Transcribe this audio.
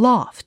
loft